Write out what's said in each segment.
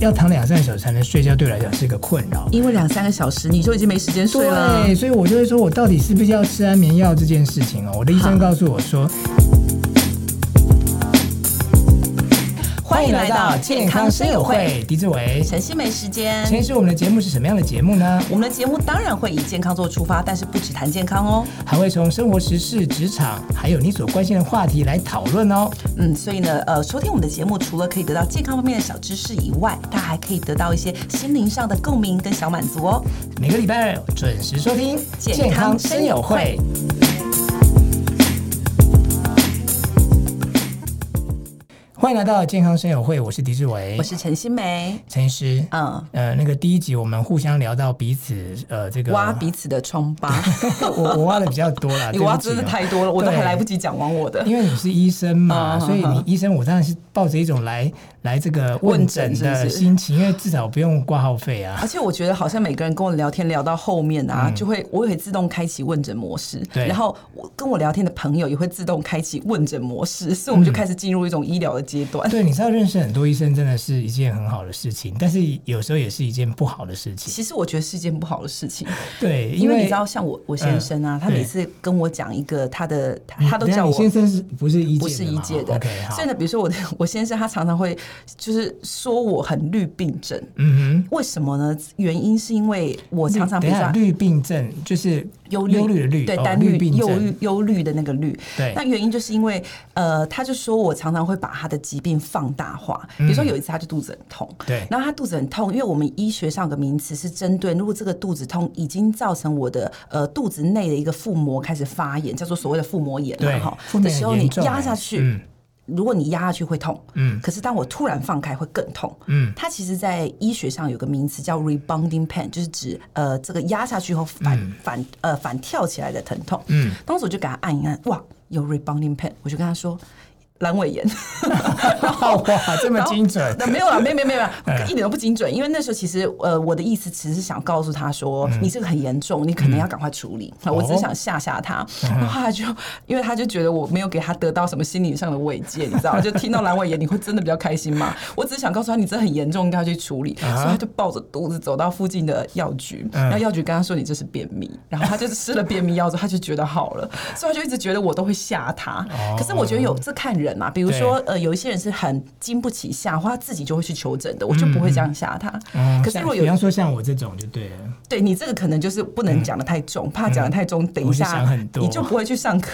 要躺兩三個小時才能睡覺，對我來講是一個困擾。因為兩三個小時，你就已經沒時間睡了。對，所以我就會說我到底是不是要吃安眠藥這件事情哦。我的醫生告訴我說。歡迎來到健康生友會，狄志為、陳欣湄。時間，今天我們的節目是什麼樣的節目呢？我們的節目當然會以健康做出發，但是不只談健康哦，還會從生活時事、職場，還有你所關心的話題來討論哦。嗯，所以呢，呃，收聽我們的節目，除了可以得到健康方面的小知識以外，大家還可以得到一些心靈上的共鳴跟小滿足哦。每個禮拜二準時收聽健康生友會。歡迎來到健康聲友會，我是狄志為，我是陳欣湄，陳醫師。嗯，呃，那個第一集我們互相聊到彼此，呃，這個挖彼此的瘡疤，我我挖的比較多了， 哦、你挖真的太多了，我都還來不及講完我的。因為你是醫生嘛，啊，所以你醫生我當然是抱着一種來，啊、來這個問診的心情的，因為至少不用掛號費啊。而且我覺得好像每個人跟我聊天聊到後面啊，嗯，就會我也會自動開啟問診模式，對，然後我跟我聊天的朋友也會自動開啟問診模式，嗯，所以我們就開始進入一種醫療的。.階段，對，你知道認識很多醫生真的是一件很好的事情，但是有時候也是一件不好的事情。其實我覺得是一件不好的事情，對，因為，因為你知道，像我我先生啊、嗯，他每次跟我講一個他的，他都叫我先生，是不是醫不是醫界的。好 okay, 好，所以呢，比如說我的我先生，他常常會就是說我很慮病症，嗯哼，為什麼呢？原因是因為我常常比較慮，慮病症，就是。憂慮的慮，對單慮憂慮憂慮的那個慮，那原因就是因為呃，他就說我常常會把他的疾病放大化，比如說有一次他就肚子很痛，對、嗯，然後他肚子很痛，因為我們醫學上的名詞是針對，如果這個肚子痛已經造成我的呃肚子內的一個腹膜開始發炎，叫做所謂的腹膜炎了哈，的時候你壓下去。嗯如果你壓下去會痛，嗯，可是當我突然放開會更痛，嗯，它其實在醫學上有個名詞叫 rebounding pain，就是指呃這個壓下去後反、嗯、反呃反跳起來的疼痛，嗯，當時我就給他按一按，哇，有 rebounding pain，我就跟他說。闌尾炎 然，然後哇，這麼精準？那 沒有了、啊，沒有、啊、沒有沒有、嗯，一點都不精準。因為那時候其實，呃，我的意思其實是想告訴他說、嗯，你這個很嚴重，你可能要趕快處理。嗯、我只是想嚇嚇他，哦、然後他就因為他就覺得我沒有給他得到什麼心理上的慰藉，你知道？就聽到闌尾炎，你會真的比較開心嗎？ 我只是想告訴他，你這很嚴重，應該要去處理、啊。所以他就抱着肚子走到附近的藥局，嗯、然後藥局跟他說：“你這是便秘。”然後他就吃了便秘藥之後， 他就覺得好了。所以他就一直覺得我都會嚇他。哦、可是我覺得有、嗯、這看人。嘛，比如說，呃，有一些人是很經不起嚇，他自己就會去求診的，我就不會這樣嚇他、嗯嗯。可是如果有，比方說像我這種，就對了，對你這個可能就是不能講的太重，嗯、怕講的太重、嗯，等一下就你就不會去上課。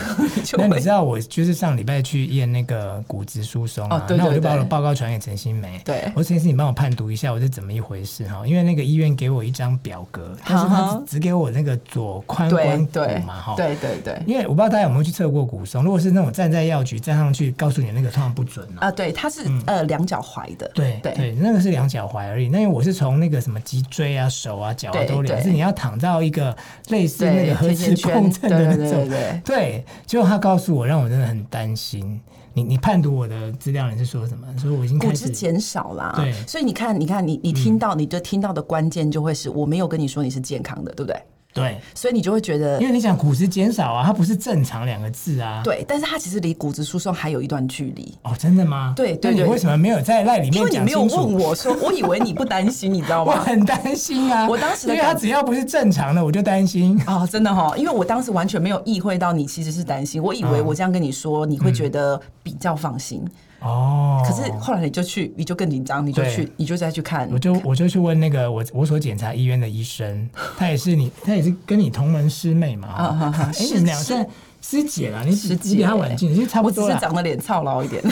那你,你知道我就是上禮拜去驗那個骨質疏鬆啊，那、哦、我就把我的報告傳給陳欣湄，對，我說陳醫師，你幫我判讀一下我是怎麼一回事哈，因為那個醫院給我一張表格，好好是他是只,只給我那個左髖關節嘛，哈，對對對，因為我不知道大家有沒有去測過骨鬆，如果是那種站在藥局站上去。告訴你那個測量不準了啊，對，它是呃兩腳踝的，對對，對，那個是兩腳踝而已。那因為我是從那個什麼脊椎啊、手啊、腳啊都量，是你要躺到一個類似那個核磁共振的那種，對,對,對,對,對,對，結果他告訴我，讓我真的很擔心。你你判讀我的資料，你是說什麼？說我已經骨質減少了，對，所以你看，你看你你聽到，你就聽到的關鍵就會是我沒有跟你說你是健康的，對不對？對，所以你就會覺得，因為你想骨質減少啊，它不是正常兩個字啊。對，但是它其實離骨質疏鬆還有一段距離。哦，真的嗎？對對對。對你為什麼沒有在那裡面講清楚？因為你沒有問我說，我以為你不擔心， 你知道嗎？我很擔心啊，我當時覺得。因為他只要不是正常的，我就擔心哦。真的哈、哦。因為我當時完全沒有意會到你其實是擔心，我以為我這樣跟你說，嗯、你會覺得比較放心。哦，可是後來你就去，你就更緊張，你就去，你就再去看。我就我就去問那個我我所檢查醫院的醫生，他也是你，他也是跟你同門師妹嘛，哎、嗯嗯嗯欸，你們倆算師姐啊，你你比他晚進，其、欸、差不多，是長得臉操勞一點。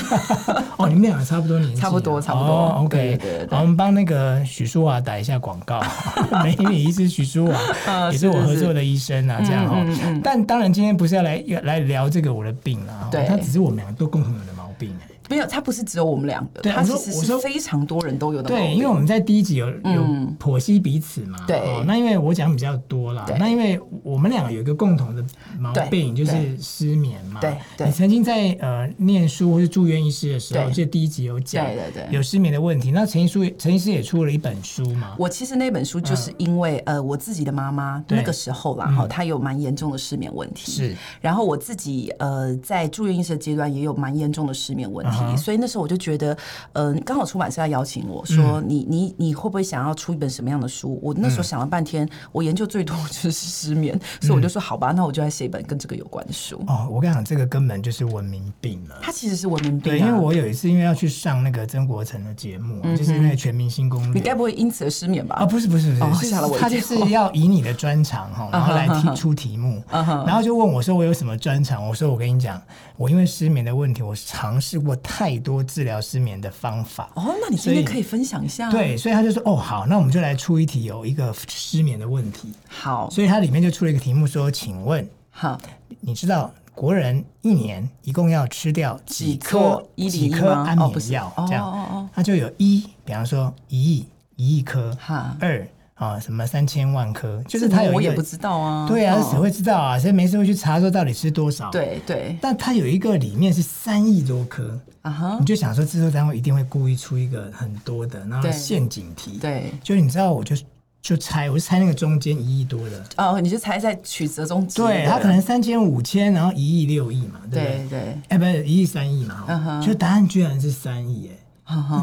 哦， 你們倆差不多年紀、啊，差不多，差不多。Oh, OK，對對對對好，我們幫那個許淑華打一下廣告， 美女醫師許淑華 也是我合作的醫生啊。 嗯、這樣、喔嗯嗯嗯，但當然今天不是要來要來聊這個我的病了、啊，對，他、哦、只是我們倆都共同有的毛病、啊。沒有，他不是只有我們兩個。對，他說，我說非常多人都有的。對，因為我們在第一集有有剖析彼此嘛。嗯、對、哦，那因為我講比較多啦，對。那因為我們兩個有一個共同的毛病，對，就是失眠嘛。對，對，你曾經在呃念書或是住院醫師的時候，我記得第一集有講，對對對，有失眠的問題。那陳醫師，陳醫師也出了一本書嘛。我其實那本書就是因為呃、呃我自己的媽媽那個時候啦，哈、嗯，她有蠻嚴重的失眠問題。是，然後我自己呃在住院醫師的階段也有蠻嚴重的失眠問題。嗯所以那時候我就覺得，呃、剛好出版社邀請我說，嗯、你你你會不會想要出一本什麼樣的書？我那時候想了半天，嗯、我研究最多就是失眠，嗯、所以我就說，好吧，那我就來寫一本跟這個有關的書。哦，我跟你講，這個根本就是文明病了。它其實是文明病。對，因為我有一次因為要去上那個曾國城的節目，嗯，就是那個《全明星攻略》，你該不會因此而失眠吧？啊、哦，不是不是不是，想，哦、他就是要以你的專長哈，然後來提出題目，嗯哼嗯哼，然後就問我說我有什麼專長？我說我跟你講，我因為失眠的問題，我嘗試過。太多治療失眠的方法哦，那你真的可以分享一下？對，所以他就說：“哦，好，那我們就來出一題，哦，有一個失眠的問題。好，所以它裡面就出了一個題目說：請問，好，你知道國人一年一共要吃掉幾顆幾，一一幾顆安眠藥，哦？這樣，哦哦哦他就有一，比方說一億一億顆，哈，二。”啊，什麼三千萬顆，就是他有，我也不知道啊。對啊，誰、哦、會知道啊？誰沒事會去查說到底是多少？對對。但他有一個裡面是三億多顆啊哈，你就想說，製作單位一定會故意出一個很多的，然後陷阱題。對，就你知道我就就猜，我就猜那個中間一億多的。哦，你就猜在曲折中間，對他可能三千五千，然後一億六億嘛，對不對？哎，對欸、不是一億三億嘛、啊哈，就答案居然是三億哎。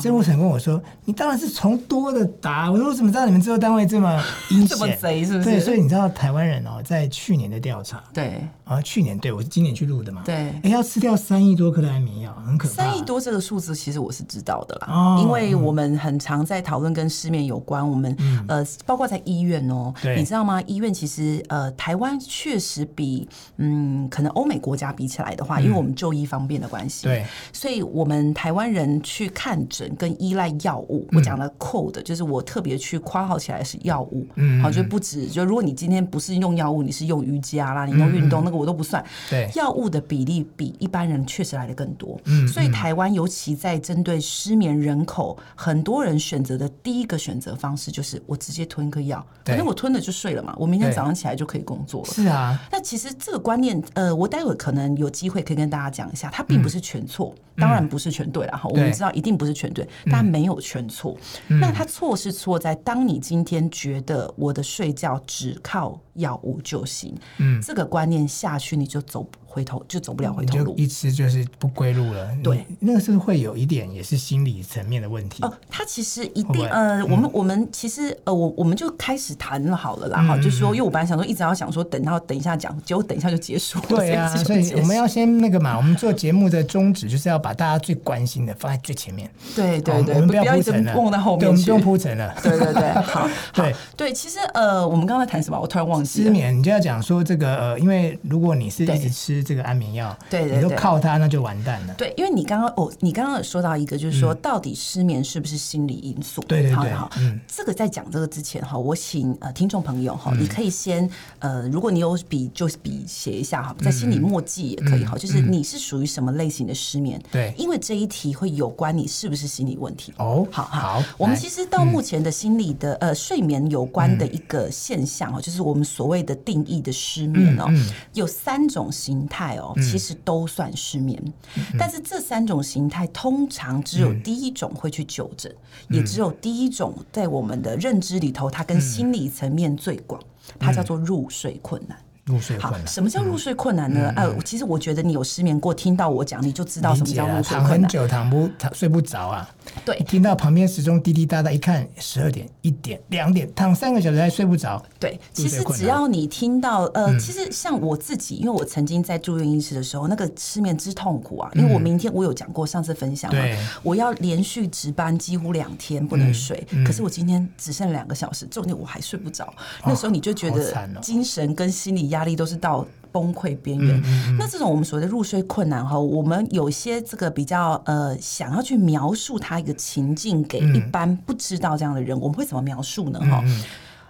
鄭部想問我說：“你當然是從多的答。我說：“我怎麼知道你們這個單位這麼陰險 這麼賊是不是？”對，所以你知道台灣人哦、喔，在去年的調查，對啊，去年對我是今年去錄的嘛，對。哎、欸，要吃掉三億多顆的安眠藥，很可怕。三億多這個數字，其實我是知道的啦，oh, 因為我們很常在討論跟失眠有關，我們、嗯、呃，包括在醫院哦、喔，你知道嗎？醫院其實呃，台灣確實比嗯，可能歐美國家比起來的話、嗯，因為我們就醫方便的關係，對，所以我們台灣人去看。看診跟依賴藥物，我講了扣的、嗯，就是我特別去括號起來是藥物，嗯、好就不止。就如果你今天不是用藥物，你是用瑜伽、啦、你用運動、嗯，那個我都不算。對，藥物的比例比一般人確實來得更多。嗯，所以台灣尤其在針對失眠人口，嗯、很多人選擇的第一個選擇方式就是我直接吞個藥，反正我吞了就睡了嘛，我明天早上起來就可以工作了。是啊，那其實這個觀念，呃，我待會可能有機會可以跟大家講一下，它並不是全錯、嗯，當然不是全對了哈、嗯。我們知道一定。不是全對，但沒有全錯。嗯。那他錯是錯在，當你今天覺得我的睡覺只靠。藥物就行，嗯，這個觀念下去，你就走回頭，就走不了回頭路，就一吃就是不歸路了。對，那個是，是會有一點，也是心理層面的問題哦、呃。他其實一定，會會呃、嗯，我們我們其實，呃，我我們就開始談好了啦，哈、嗯，就是、說，因為我本來想說，一直要想說，等到等一下講，結果等一下就結束了、嗯。對啊，所以我們要先那個嘛， 我們做節目的宗旨就是要把大家最關心的放在最前面。對對對，對，對，對，我們不要，不要一直 了，在後面我們就鋪陳了。對對對，好，對好對，其實呃，我們剛剛在談什麼？我突然忘了。失眠，你就要講說這個呃，因為如果你是一直吃這個安眠藥，對對，對，你就靠它，那就完蛋了。對，因為你剛剛哦，你剛剛有說到一個，就是說、嗯、到底失眠是不是心理因素？對對對。好，嗯、這個在講這個之前哈，我請呃聽眾朋友哈、嗯，你可以先呃，如果你有筆就是筆寫一下哈，在心裡默記也可以哈。就是你是屬於什麼類型的失眠？對、嗯嗯，因為這一題會有關你是不是心理問題哦。好好，好。我們其實到目前的心理的、嗯、呃睡眠有關的一個現象哈，就是我們。所謂的定義的失眠哦，嗯嗯、有三種形態哦、嗯，其實都算失眠，嗯、但是這三種形態通常只有第一種會去就診、嗯，也只有第一種在我們的認知裡頭，它跟心理層面最廣、嗯，它叫做入睡困難。入睡困難。好，什麼叫入睡困難呢？呃、嗯嗯嗯啊，其實我覺得你有失眠過，聽到我講你就知道什麼叫入睡困難。躺很久，躺不，躺睡不着啊。對，聽到旁邊時鐘滴滴答答，一看十二點、一點、兩點，躺三個小時還睡不着。對，其實只要你聽到，呃、嗯，其實像我自己，因為我曾經在住院醫師的時候，那個失眠之痛苦啊，因為我明天我有講過上次分享嘛、啊嗯，我要連續值班幾乎兩天不能睡、嗯嗯，可是我今天只剩兩個小時，重點我還睡不着、哦。那時候你就覺得精神跟心理。壓力都是到崩潰邊緣。那這種我們所謂的入睡困難哈，我們有些這個比較呃，想要去描述他一個情境給一般不知道這樣的人，嗯、我們會怎麼描述呢？哈、嗯嗯，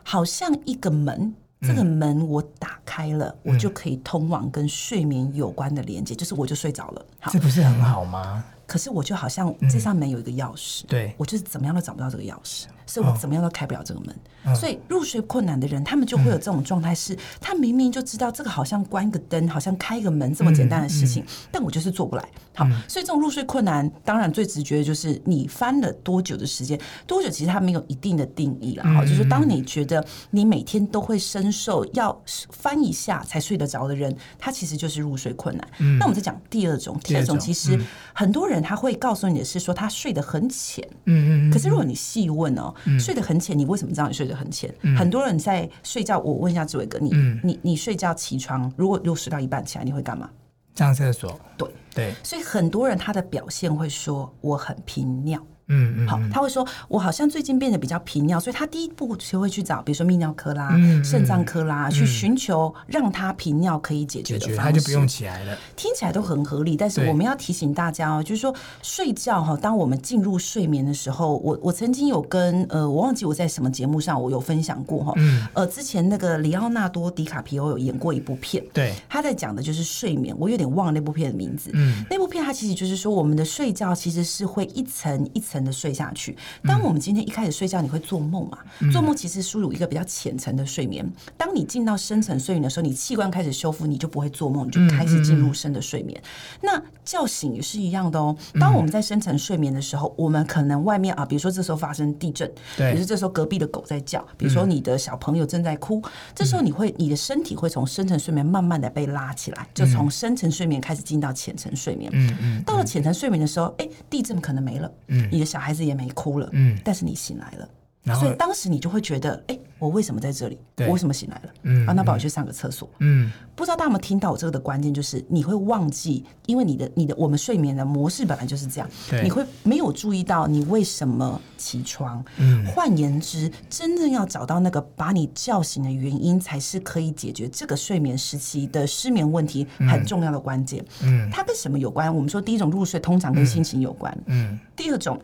好像一個門，這個門我打開了，嗯、我就可以通往跟睡眠有關的連接，就是我就睡着了。好，這不是很好嗎？嗯、可是我就好像這扇門有一個鑰匙，嗯、對我就是怎麼樣都找不到這個鑰匙。是我怎麼樣都開不了這個門。哦，所以入睡困難的人，他們就會有這種狀態，是、嗯、他明明就知道這個好像關個燈，好像開一個門這麼簡單的事情，嗯嗯，但我就是做不來。好、嗯，所以這種入睡困難，當然最直覺的就是你翻了多久的時間？多久？其實他沒有一定的定義啦。好、嗯，就是當你覺得你每天都會深受要翻一下才睡得着的人，他其實就是入睡困難。嗯、那我們再講第二種，第二種其實很多人他會告訴你的是說他睡得很淺，嗯嗯，嗯，可是如果你細問哦、喔。嗯、睡得很淺，你為什麼知道你睡得很淺？嗯？很多人在睡覺，我問一下志為哥，你、嗯、你你睡覺起床，如果睡到一半起來，你會幹嘛？上廁所。對對，對，所以很多人他的表現會說，我很頻尿。嗯嗯，好，他會說，我好像最近變得比較頻尿，所以他第一步就會去找，比如說泌尿科啦、腎臟科啦、嗯，嗯、去尋求讓他頻尿可以解決的方法。他就不用起來了，聽起來都很合理。但是我們要提醒大家哦，就是說睡覺哈，當我們進入睡眠的時候，我我曾經有跟呃，我忘記我在什麼節目上，我有分享過哈。嗯。呃，之前那個里奧納多·迪卡皮奧有演過一部片，對，他在講的就是睡眠，我有點忘了那部片的名字。嗯。那部片它其實就是說，我們的睡覺其實是會一層一層沉的睡下去。當我們今天一開始睡覺，你會做夢啊、嗯，做夢其實輸入一個比較淺層的睡眠。當你進到深層睡眠的時候，你器官開始修復，你就不會做夢，你就開始進入深的睡眠。嗯嗯、那叫醒也是一樣的哦。當我們在深層睡眠的時候、嗯，我們可能外面啊，比如說這時候發生地震，對，比如說這時候隔壁的狗在叫，比如說你的小朋友正在哭，嗯、這時候你會你的身體會從深層睡眠慢慢的被拉起來，嗯、就從深層睡眠開始進到淺層睡眠。嗯嗯，嗯。到了淺層睡眠的時候，哎，地震可能沒了，嗯。小孩子也沒哭了，嗯，但是你醒來了，然後，所以當時你就會覺得，哎、欸，我為什麼在這裡？我為什麼醒來了？嗯，啊，那我去上個廁所。嗯，不知道大家有沒有聽到我這個的關鍵，就是你會忘記，因為你的你的我們睡眠的模式本來就是這樣，對，你會沒有注意到你為什麼起床。嗯，換言之，真正要找到那個把你叫醒的原因，才是可以解決這個睡眠時期的失眠問題很重要的關鍵。嗯，它跟什麼有關？我們說，第一種入睡通常跟心情有關。嗯，第二種。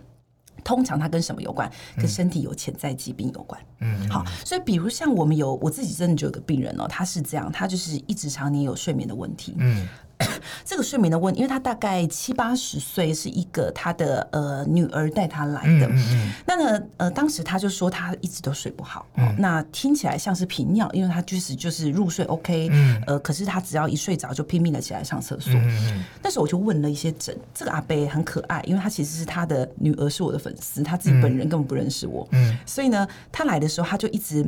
通常它跟什麼有關？跟身體有潛在疾病有關。嗯，好，嗯、所以比如像我們有我自己真的就有個病人哦，他是這樣，他就是一直常年有睡眠的問題。嗯。 這個睡眠的問題，因為他大概七八十歲，是一個他的呃女兒帶他來的。嗯嗯嗯那呢呃，當時他就說他一直都睡不好。哦嗯、那聽起來像是頻尿，因為他即使就是入睡 OK，嗯、呃，可是他只要一睡着就拼命的起來上廁所嗯嗯嗯嗯。那時候我就問了一些診，這個阿伯很可愛，因為他其實是他的女兒是我的粉絲，他自己本人根本不認識我嗯嗯。所以呢，他來的時候他就一直。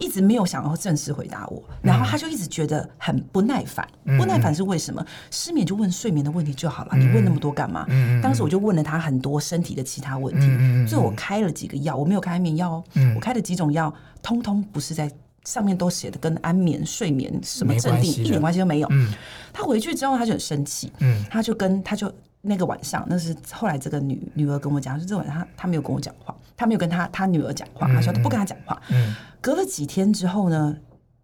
一直沒有想要正式回答我、嗯，然後他就一直覺得很不耐煩。嗯、不耐煩是為什麼、嗯？失眠就問睡眠的問題就好了，嗯、你問那麼多幹嘛、嗯？當時我就問了他很多身體的其他問題，嗯、所以我開了幾個藥，我沒有開安眠藥哦、嗯，我開了幾種藥，通通不是在上面都寫的跟安眠、睡眠什麼鎮定，一點關係都沒有、嗯。他回去之後他就很生氣，嗯、他就跟他就那個晚上，那是後來這個女女兒跟我講說，就這晚上他他沒有跟我講話。他沒有跟他他女兒講話，嗯嗯，他說他不跟他講話、嗯嗯。隔了幾天之後呢，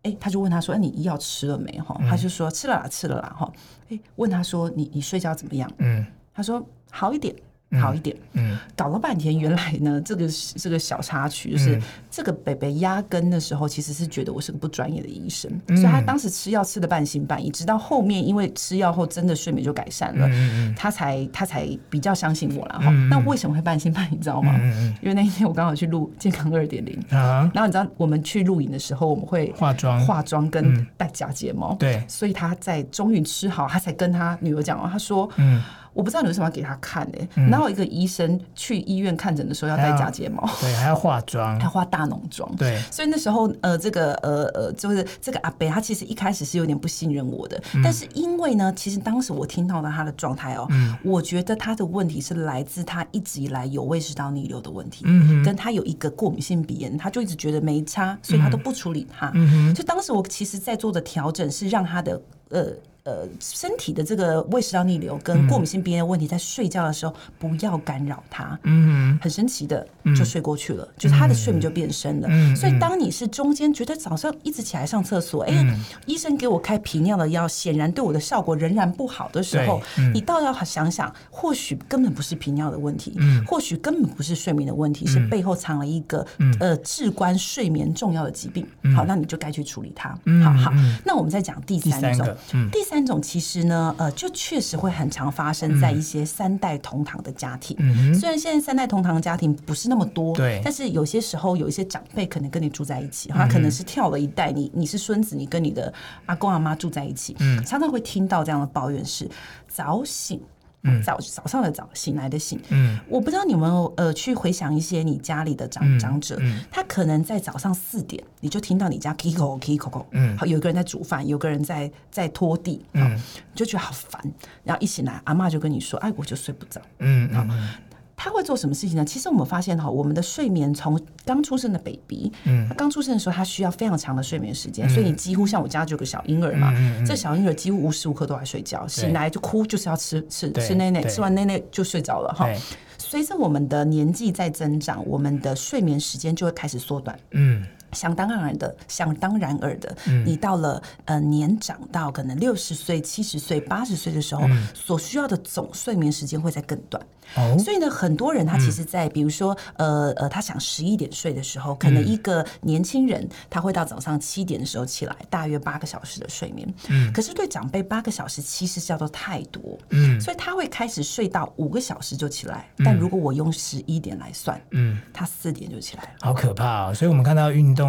哎、欸，他就問他說：“哎，你藥吃了沒？”哈，他就說、嗯：“吃了啦，吃了啦。”哈，哎，問他說：“你你睡覺怎麼樣？”嗯，他說：“好一點。”好一點嗯，嗯，搞了半天，原來呢，這個是、這個小插曲，就是、嗯、這個北北壓根的時候，其實是覺得我是個不專業的醫生、嗯，所以他當時吃藥吃的半信半疑，直到後面因為吃藥後真的睡眠就改善了，嗯嗯、他才他才比較相信我了哈、嗯。那為什麼會半信半疑，你知道嗎？嗯嗯,嗯，因為那天我剛好去錄《健康二點零》，啊，然後你知道我們去錄影的時候，我們會化妝、化妝跟戴假睫毛、嗯，對，所以他在終於吃好，他才跟他女兒講哦，他說，嗯。我不知道你為什麼要給他看誒、欸嗯？然後一個醫生去醫院看診的時候要戴假睫毛？還要對，還要化妝，還要化大濃妝。對，所以那時候呃，這個呃呃，就是這個阿伯，他其實一開始是有點不信任我的。嗯、但是因為呢，其實當時我聽到了他的狀態哦、嗯，我覺得他的問題是來自他一直以來有胃食道逆流的問題，嗯嗯，跟他有一個過敏性鼻炎，他就一直覺得沒差，所以他都不處理他。嗯嗯，就當時我其實，在做的調整是讓他的呃。呃，身體的這個胃食道逆流跟過敏性鼻炎的問題、嗯，在睡覺的時候不要干擾它。嗯，很神奇的、嗯、就睡過去了、嗯，就是他的睡眠就變深了、嗯。所以當你是中間覺得早上一直起來上廁所，哎、嗯，醫生給我開頻尿的藥，顯然對我的效果仍然不好的時候，嗯、你倒要想想，或許根本不是頻尿的問題、嗯，或許根本不是睡眠的問題，嗯、是背後藏了一個、嗯、呃至關睡眠重要的疾病、嗯。好，那你就該去處理它。嗯、好好，那我們再講第三種，第三。嗯，第三三種其實呢，呃，就確實會很常發生在一些三代同堂的家庭、嗯。雖然現在三代同堂的家庭不是那麼多，對，但是有些時候有一些長輩可能跟你住在一起、嗯，他可能是跳了一代，你你是孫子，你跟你的阿公阿媽住在一起、嗯，常常會聽到這樣的抱怨是早醒。嗯、早早上的早醒來的醒、嗯，我不知道你們呃去回想一些你家裡的長長者、嗯嗯，他可能在早上四點，你就聽到你家 kiko kiko，嗯好，有個人在煮飯，有個人在在拖地，嗯，就覺得好煩，然後一醒來，阿嬤就跟你說，哎、啊，我就睡不着，嗯嗯。他會做什麼事情呢？其實我們發現哈，我們的睡眠從剛出生的 baby，嗯，他剛出生的時候他需要非常長的睡眠時間，嗯、所以你幾乎像我家就有個小嬰兒嘛，嗯嗯嗯、這個、小嬰兒幾乎無時無刻都在睡覺，醒來就哭，就是要吃吃吃奶奶，吃完奶奶就睡着了哈、哦。隨着我們的年紀在增長，我們的睡眠時間就會開始縮短，嗯。嗯想當然耳的，想當然耳的、嗯，你到了呃年長到可能六十歲、七十歲、八十歲的時候、嗯，所需要的總睡眠時間會再更短、哦。所以呢，很多人他其實在，在、嗯、比如說呃呃，他想十一點睡的時候，可能一個年輕人他會到早上七點的時候起來，大約八個小時的睡眠。嗯、可是對長輩八個小時其實叫做太多。嗯。所以他會開始睡到五個小時就起來。嗯、但如果我用十一點來算，嗯，他四點就起來。好可怕啊！所以我們看到運動。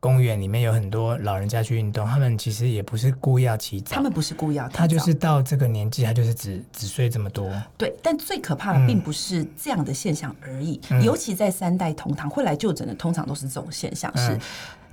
公園裡面有很多老人家去運動，他們其實也不是故意要起早，他們不是故意要，他就是到這個年紀，他就是只、嗯、只，只睡這麼多。對，但最可怕的並不是這樣的現象而已，嗯、尤其在三代同堂會來就診的，通常都是這種現象。嗯、是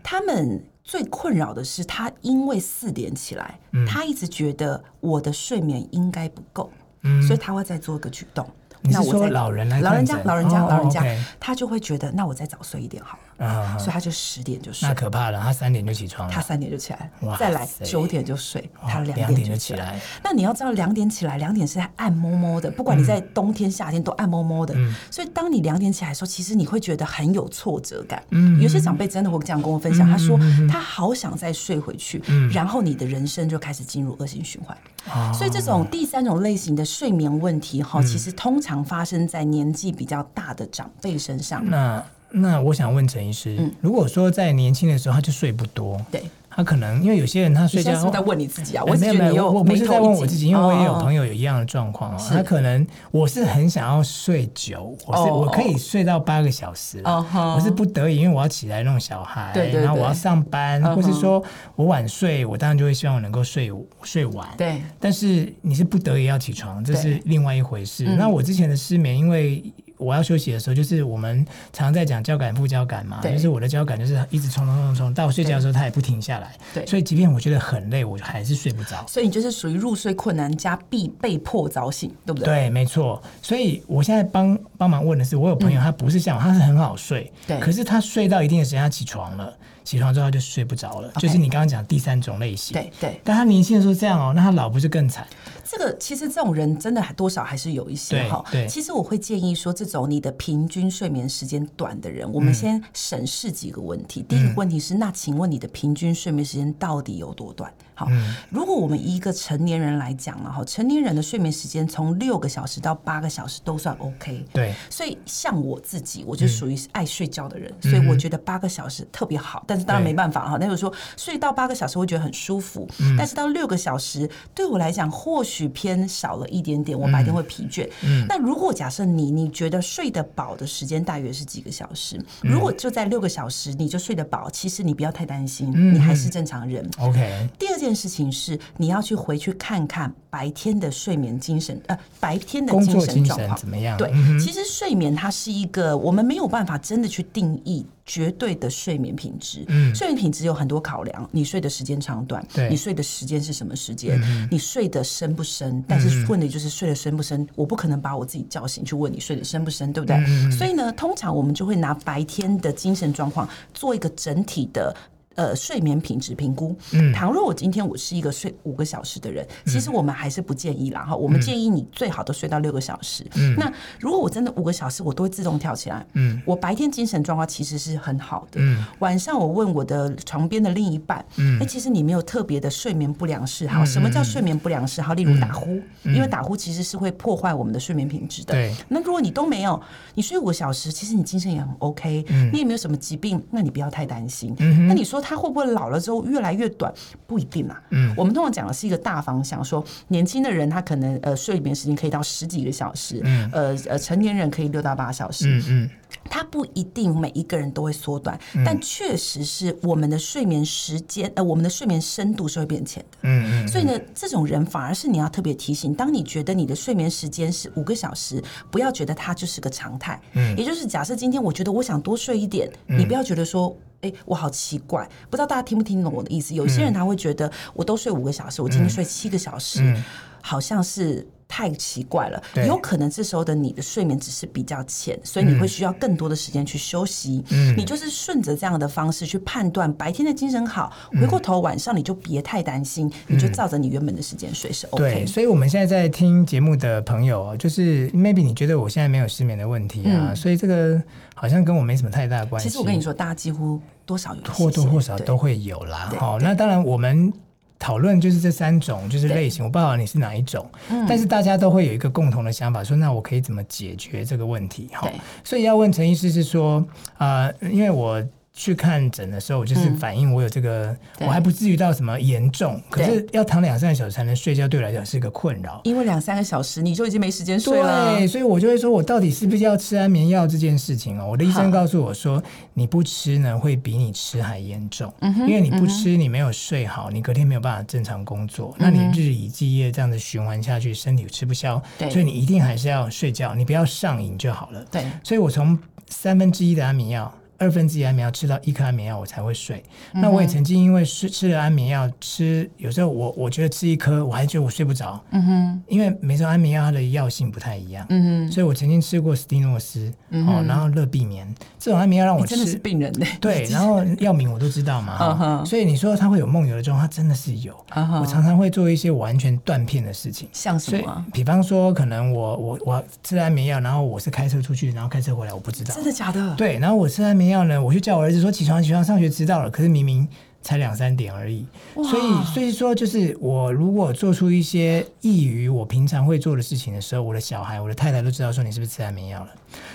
他們最困擾的是，他因為四點起來、嗯，他一直覺得我的睡眠應該不夠，嗯、所以他會再做一個舉動。那我說老人在老人家，老人家，oh, okay. 老人家，他就會覺得，那我再早睡一點好了，uh -huh. 所以他就十點就睡。太可怕了，他三點就起床，他三點就起來，再來九點就睡，oh, 他兩點,點就起來。那你要知道，兩點起來，兩點是在按摩摸,摸的、嗯，不管你在冬天、夏天都按摩摸,摸的、嗯。所以當你兩點起來的時候，其實你會覺得很有挫折感。嗯、有些長輩真的會這樣跟我分享、嗯，他說他好想再睡回去，嗯、然後你的人生就開始進入惡性循環、嗯。所以這種第三種類型的睡眠問題，哈、嗯，其實通常。發生在年紀比較大的長輩身上。那那我想問陳醫師，嗯，如果說在年輕的時候他就睡不多，對？他可能因為有些人他睡覺，時候在問你自己啊，嗯、我沒有，我不是在問我自己，因為我也有朋友有一樣的狀況。啊。Oh、他可能我是很想要睡久，oh、我是我可以睡到八個小時，oh、我是不得已，因為我要起來弄小孩，oh、然後我要上班，oh、或是說我晚睡，我當然就會希望我能夠睡睡晚。對，oh，但是你是不得已要起床，這是另外一回事。Oh、那我之前的失眠，因為。我要休息的時候，就是我們常在講交感副交感嘛，就是我的交感就是一直衝衝衝衝，到我睡覺的時候它也不停下來，對，所以即便我覺得很累，我還是睡不着。所以你就是屬於入睡困難加必被迫早醒，對不對？對，沒錯。所以我現在幫幫忙問的是，我有朋友他不是這樣、嗯，他是很好睡，對，可是他睡到一定的時間他起床了。起床之後就睡不着了，okay, 就是你剛剛講第三種類型。對對，但他年輕的時候這樣哦、喔嗯，那他老不是更慘？這個其實這種人真的還多少還是有一些哈。對，其實我會建議說，這種你的平均睡眠時間短的人，嗯、我們先審視幾個問題、嗯。第一個問題是，那請問你的平均睡眠時間到底有多短？好，嗯、如果我們以一個成年人來講了哈，成年人的睡眠時間從六個小時到八個小時都算 OK。對，所以像我自己，我就屬於愛睡覺的人，嗯、所以我覺得八個小時特別好，嗯、但當然沒辦法哈，那就是說睡到八個小時會覺得很舒服，嗯、但是到六個小時對我來講或許偏少了一點點、嗯，我白天會疲倦。那、嗯、如果假設你你覺得睡得飽的時間大約是幾個小時，嗯、如果就在六個小時你就睡得飽，其實你不要太擔心、嗯，你還是正常人。OK。第二件事情是你要去回去看看白天的睡眠精神呃白天的精神狀況怎麼樣？對、嗯，其實睡眠它是一個我們沒有辦法真的去定義。絕對的睡眠品質、嗯，睡眠品質有很多考量。你睡的時間長短，對你睡的時間是什麼時間？嗯、你睡得深不深、嗯？但是問的就是睡得深不深、嗯。我不可能把我自己叫醒去問你睡得深不深，對不對、嗯？所以呢，通常我們就會拿白天的精神狀況做一個整體的。呃，睡眠品質評估、嗯。倘若我今天我是一個睡五個小時的人、嗯，其實我們還是不建議啦哈、嗯。我們建議你最好都睡到六個小時。嗯、那如果我真的五個小時，我都會自動跳起來。嗯，我白天精神狀況其實是很好的、嗯。晚上我問我的床邊的另一半，嗯，哎、欸，其實你沒有特別的睡眠不良嗜、嗯、好。什麼叫睡眠不良嗜好？例如打呼，因為打呼其實是會破壞我們的睡眠品質的。對、嗯。那如果你都沒有，你睡五個小時，其實你精神也很 OK。嗯。你也沒有什麼疾病，那你不要太擔心。嗯。那你說。他會不會老了之後越來越短？不一定啦。啊，嗯，我們通常講的是一個大方向，說年輕的人他可能呃睡眠時間可以到十幾個小時，嗯，呃呃成年人可以六到八小時，嗯。嗯。它不一定每一個人都會縮短，嗯、但確實是我們的睡眠時間呃，我們的睡眠深度是會變淺的，嗯。嗯，所以呢，這種人反而是你要特別提醒。當你覺得你的睡眠時間是五個小時，不要覺得它就是個常態。嗯，也就是假設今天我覺得我想多睡一點，你不要覺得說，哎、欸，我好奇怪，不知道大家聽不聽懂我的意思。有些人他會覺得，我都睡五個小時，我今天睡七個小時，嗯嗯、好像是。太奇怪了，有可能這時候的你的睡眠只是比較淺，所以你會需要更多的時間去休息。嗯、你就是順着這樣的方式去判斷，白天的精神好、嗯，回過頭晚上你就別太擔心，嗯、你就照着你原本的時間睡是 OK。對，所以我們現在在聽節目的朋友，就是 maybe 你覺得我現在沒有失眠的問題啊，嗯、所以這個好像跟我沒什麼太大關係。其實我跟你說，大家幾乎多少有或多或少都會有啦。好、哦，那當然我們。討論就是這三種，就是類型，我不知道你是哪一種，嗯，但是大家都會有一個共同的想法，說那我可以怎麼解決這個問題？哈，所以要問陳醫師是說，啊，呃，因為我。去看診的時候，我就是反映我有這個，嗯、我還不至於到什麼嚴重，可是要躺兩三個小時才能睡覺，對我來講是一個困擾。因為兩三個小時你就已經沒時間睡了，對，所以我就會說我到底是不是要吃安眠藥這件事情哦、嗯？我的醫生告訴我說，你不吃呢會比你吃還嚴重、嗯，因為你不吃、嗯、你沒有睡好，你隔天沒有辦法正常工作，嗯、那你日以繼夜這樣子循環下去，身體吃不消，對，所以你一定還是要睡覺，你不要上癮就好了。對，所以我從三分之一的安眠藥。二分之一安眠藥吃到一顆安眠藥我才會睡。嗯、那我也曾經因為吃吃了安眠藥，吃有時候我我覺得吃一顆我還覺得我睡不着。嗯哼。因為每種安眠藥它的藥性不太一樣。嗯哼。所以我曾經吃過斯蒂諾斯、嗯，哦，然後樂必眠這種安眠藥讓我吃真的是病人嘞、欸。對，然後藥名我都知道嘛。 所以你說它會有夢遊的狀況，它真的是有、嗯。我常常會做一些完全斷片的事情。像什麼、啊？比方說，可能我我我吃了安眠藥，然後我是開車出去，然後開車回來，我不知道。真的假的？對。然後我吃了安眠藥。那樣呢，我就去叫我兒子說起床，起床上學遲到了。可是明明。才兩三點而已，所以所以說就是我如果做出一些異於我平常會做的事情的時候，我的小孩、我的太太都知道說你是不是吃安眠藥了。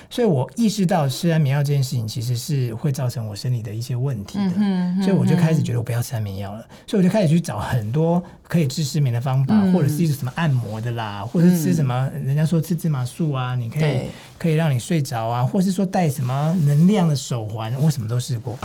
所以我意識到吃安眠藥這件事情其實是會造成我身體的一些問題的，所以我就開始覺得我不要吃安眠藥了。所以我就開始去找很多可以治失眠的方法，或者是一個什麼按摩的啦，或者是吃什麼人家說吃芝麻素啊，你可以可以讓你睡着啊，或是說戴什麼能量的手環，我什麼都試過。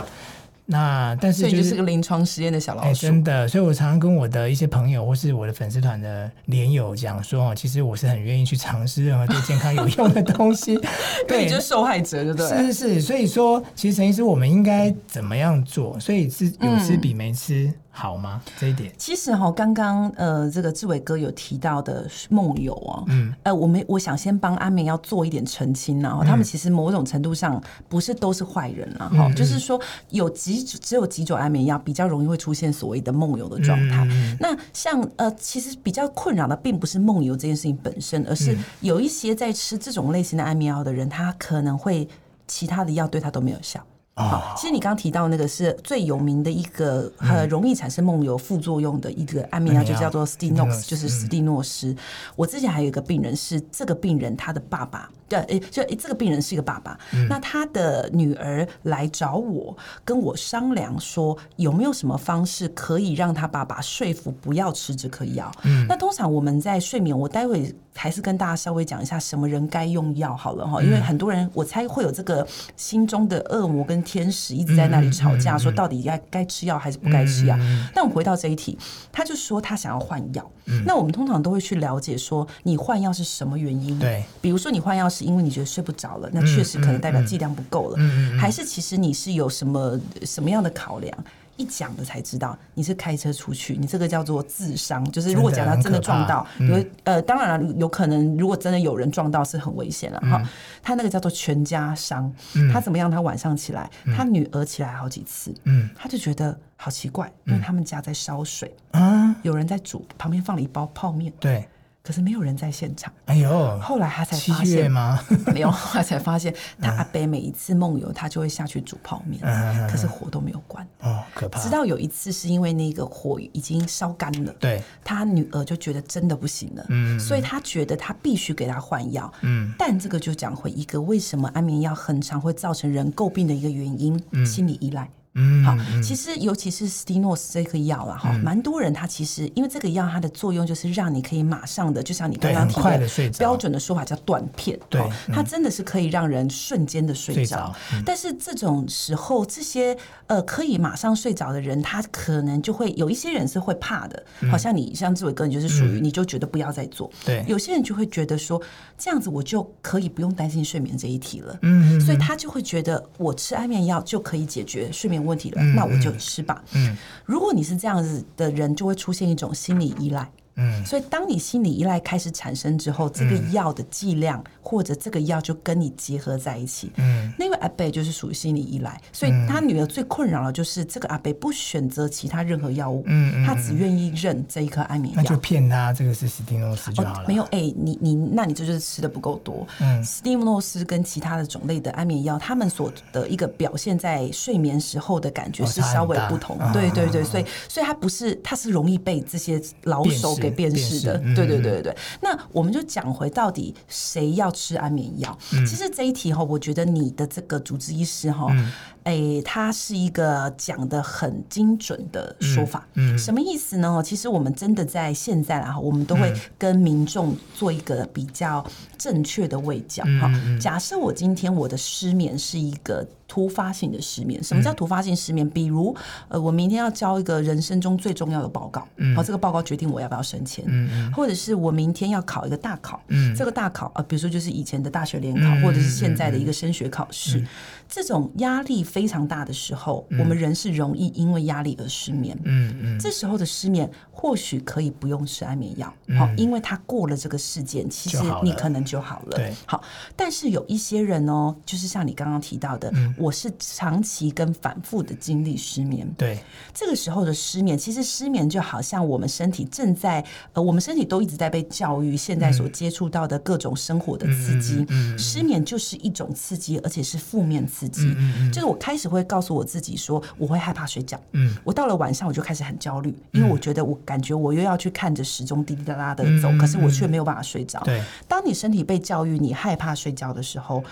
那但是，、就是，所以你就是個臨床實驗的小老鼠，哎、欸，真的，所以我常常跟我的一些朋友或是我的粉絲團的連友講說，其實我是很願意去嘗試任何對健康有用的東西。 對，就是受害者，就對。是是是，所以說，其實陳醫師，我們應該怎麼樣做、嗯？所以是有吃比沒吃。嗯好嗎？這一點其實哈、哦，剛剛呃，這個志為哥有提到的夢遊啊、哦，嗯，呃，我們我想先幫安眠藥做一點澄清、啊，然、嗯、後他們其實某種程度上不是都是壞人了、啊、哈、嗯嗯，就是說有幾只有幾種安眠藥比較容易會出現所謂的夢遊的狀態、嗯。那像呃，其實比較困擾的並不是夢遊這件事情本身，而是有一些在吃這種類型的安眠藥的人，他可能會其他的藥對他都沒有效。哦、好，其實你剛提到那個是最有名的一個，很、嗯、容易產生夢遊副作用的一個安眠藥，就叫做斯蒂諾斯，斯蒂諾斯、嗯，就是斯蒂諾斯。我之前還有一個病人是這個病人，他的爸爸對，誒、欸，就、欸、這個病人是一個爸爸、嗯，那他的女兒來找我，跟我商量說有沒有什麼方式可以讓他爸爸說服不要吃這顆藥。嗯，那通常我們在睡眠，我待會還是跟大家稍微講一下什麼人該用藥好了哈、嗯，因為很多人我猜會有這個心中的惡魔跟。天使一直在那裡吵架，說到底該該吃藥還是不該吃藥、嗯嗯。那我們回到這一題，他就說他想要換藥、嗯。那我們通常都會去了解說，你換藥是什麼原因？對，比如說你換藥是因為你覺得睡不着了，那確實可能代表劑量不夠了、嗯嗯嗯，還是其實你是有什麼什麼樣的考量？一講了才知道，你是開車出去，你這個叫做自傷，就是如果講他真的撞到，有、嗯、呃，當然了，有可能如果真的有人撞到是很危險了哈。嗯、他那個叫做全家傷、嗯，他怎麼樣？他晚上起來、嗯，他女兒起來好幾次，嗯，他就覺得好奇怪，因為他們家在燒水，嗯，有人在煮，旁邊放了一包泡麵，對。可是沒有人在現場。哎呦！後來他才發現，七月嗎？沒有，後來才發現，他阿北每一次夢遊，他就會下去煮泡麵。嗯，可是火都沒有關。哦，可怕！直到有一次，是因為那個火已經燒乾了。對，他女兒就覺得真的不行了，嗯，所以他覺得他必須給他換藥，嗯，但這個就講回一個為什麼安眠藥很常會造成人詬病的一個原因，嗯。心理依賴。嗯，好，其實尤其是斯蒂諾斯這個藥啊，哈、嗯，蠻多人他其實因為這個藥它的作用就是讓你可以馬上的，就像你剛剛提到的，標準的說法叫斷片，對，它真的是可以讓人瞬間的睡着、嗯。但是這種時候，這些呃可以馬上睡着的人，他可能就會有一些人是會怕的，嗯、好像你像志為哥，你就是屬於、嗯、你就覺得不要再做，對，有些人就會覺得說這樣子我就可以不用擔心睡眠這一題了，嗯，所以他就會覺得我吃安眠藥就可以解決睡眠。問題了，那我就吃吧。嗯嗯。如果你是這樣子的人，就會出現一種心理依賴。嗯，所以當你心理依賴開始產生之後，這個藥的劑量或者這個藥就跟你結合在一起。嗯，那位、個、阿伯就是屬於心理依賴，所以他女兒最困擾的就是這個阿伯不選擇其他任何藥物。嗯，嗯，他只願意認這一顆安眠藥，那就騙他這個是史蒂諾斯就好了。哦、沒有，哎、欸，你你那你這就是吃的不夠多。嗯，史蒂諾斯跟其他的種類的安眠藥，他們所的一個表現在睡眠時候的感覺是稍微不同。哦、對對對，哦、所以、哦、所以他不是他是容易被這些老手給。辨識的辨識、嗯，對對對對對。那我們就講回到底誰要吃安眠藥？嗯、其實這一題哈，我覺得你的這個主治醫師哈。嗯哦欸、它是一個講得很精準的說法，嗯嗯，什麼意思呢？其實我們真的在現在啊，我們都會跟民眾做一個比較正確的衛教哈、嗯嗯。假設我今天我的失眠是一個突發性的失眠，什麼叫突發性失眠？嗯、比如呃，我明天要交一個人生中最重要的報告，嗯、好，這個報告決定我要不要升遷、嗯，或者是我明天要考一個大考，嗯、這個大考啊、呃，比如說就是以前的大學聯考、嗯，或者是現在的一個升學考試。嗯嗯嗯嗯這種壓力非常大的時候、嗯，我們人是容易因為壓力而失眠。嗯嗯，這時候的失眠或許可以不用吃安眠藥，好、嗯，因為他過了這個事件，嗯、其實你可能就好了。對，好對，但是有一些人哦，就是像你剛剛提到的、嗯，我是長期跟反復的經歷失眠。對，這個時候的失眠，其實失眠就好像我們身體正在呃，我們身體都一直在被教育，現在所接觸到的各種生活的刺激、嗯嗯，失眠就是一種刺激，而且是負面刺激。自、嗯、己、嗯嗯、就是我開始會告訴我自己說，我會害怕睡覺，嗯，我到了晚上我就開始很焦慮、嗯，因為我覺得我感覺我又要去看着時鐘滴滴答答的走嗯嗯嗯，可是我卻沒有辦法睡着。對，當你身體被教育你害怕睡覺的時候，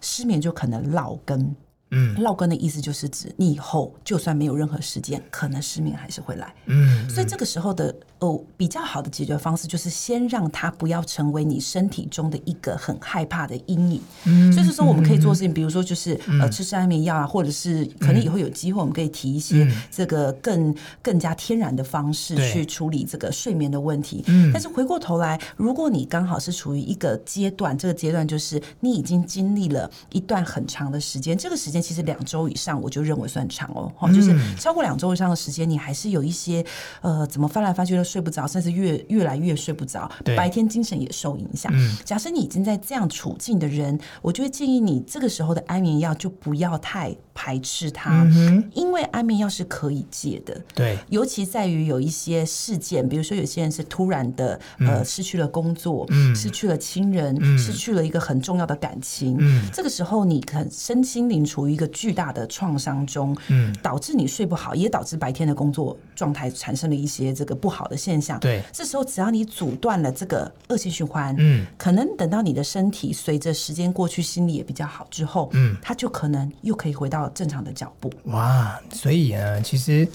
失眠就可能烙根。嗯，烙根的意思就是指你以後就算沒有任何時間，可能失眠還是會來。嗯，嗯，所以這個時候的。哦，比較好的解決方式就是先讓它不要成為你身體中的一個很害怕的陰影。嗯，所以就是說我們可以做事情，嗯、比如說就是、嗯、呃，吃吃安眠藥啊，或者是可能以後有機會我們可以提一些這個更、嗯、更加天然的方式去處理這個睡眠的問題。嗯，但是回過頭來，如果你剛好是處於一個階段，這個階段就是你已經經歷了一段很長的時間，這個時間其實兩週以上，我就認為算長哦。哈，就是超過兩週以上的時間，你還是有一些呃，怎麼翻來翻去的。睡不着，甚至越越來越睡不着，白天精神也受影響，嗯。假設你已經在這樣處境的人，我就會建議你，這個時候的安眠藥就不要太排斥它，嗯、因為安眠藥是可以戒的。對，尤其在於有一些事件，比如說有些人是突然的、嗯、呃、失去了工作，嗯、失去了親人、嗯，失去了一個很重要的感情。嗯，這個時候你可身心靈處於一個巨大的創傷中，嗯，導致你睡不好，也導致白天的工作狀態產生了一些這個不好的現象，對，這時候只要你阻斷了這個惡性循環，嗯，可能等到你的身體隨着時間過去，心理也比較好之後，嗯，它就可能又可以回到正常的腳步。哇，所以呢，其實，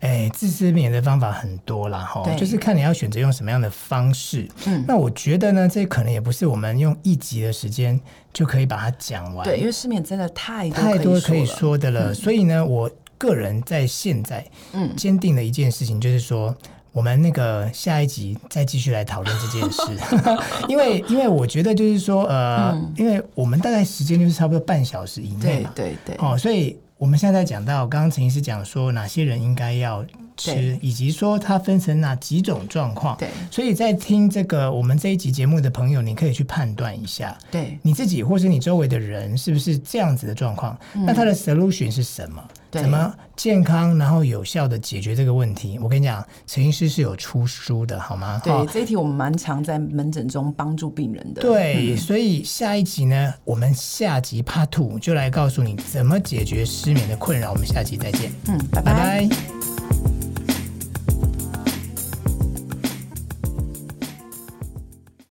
哎，治失眠的方法很多啦。哈，就是看你要選擇用什麼樣的方式。嗯，那我覺得呢，這可能也不是我們用一集的時間就可以把它講完。對，因為失眠真的太多，太多可以說的了，嗯。所以呢，我個人在現在，嗯，堅定的一件事情就是說。我們那個下一集再繼續來討論這件事 因為因為我覺得就是說，呃、嗯，因為我們大概，時間就是差不多半小時以內嘛，對對對。哦，所以我們現在在講到，剛剛陳醫師講說，哪些人應該要。吃，以及說它分成哪幾種狀況，對，所以在聽這個我們這一集節目的朋友，你可以去判斷一下，對你自己或是你周圍的人是不是這樣子的狀況，那它的 solution 是什麼？嗯、怎麼健康，然後有效的解決這個問題？我跟你講，陳醫師是有出書的，好嗎？對，這一題我們蠻常在門診中幫助病人的，對，嗯、所以下一集呢，我們下集 part 2就來告訴你怎麼解決失眠的困擾，我們下集再見，嗯，拜拜。拜拜。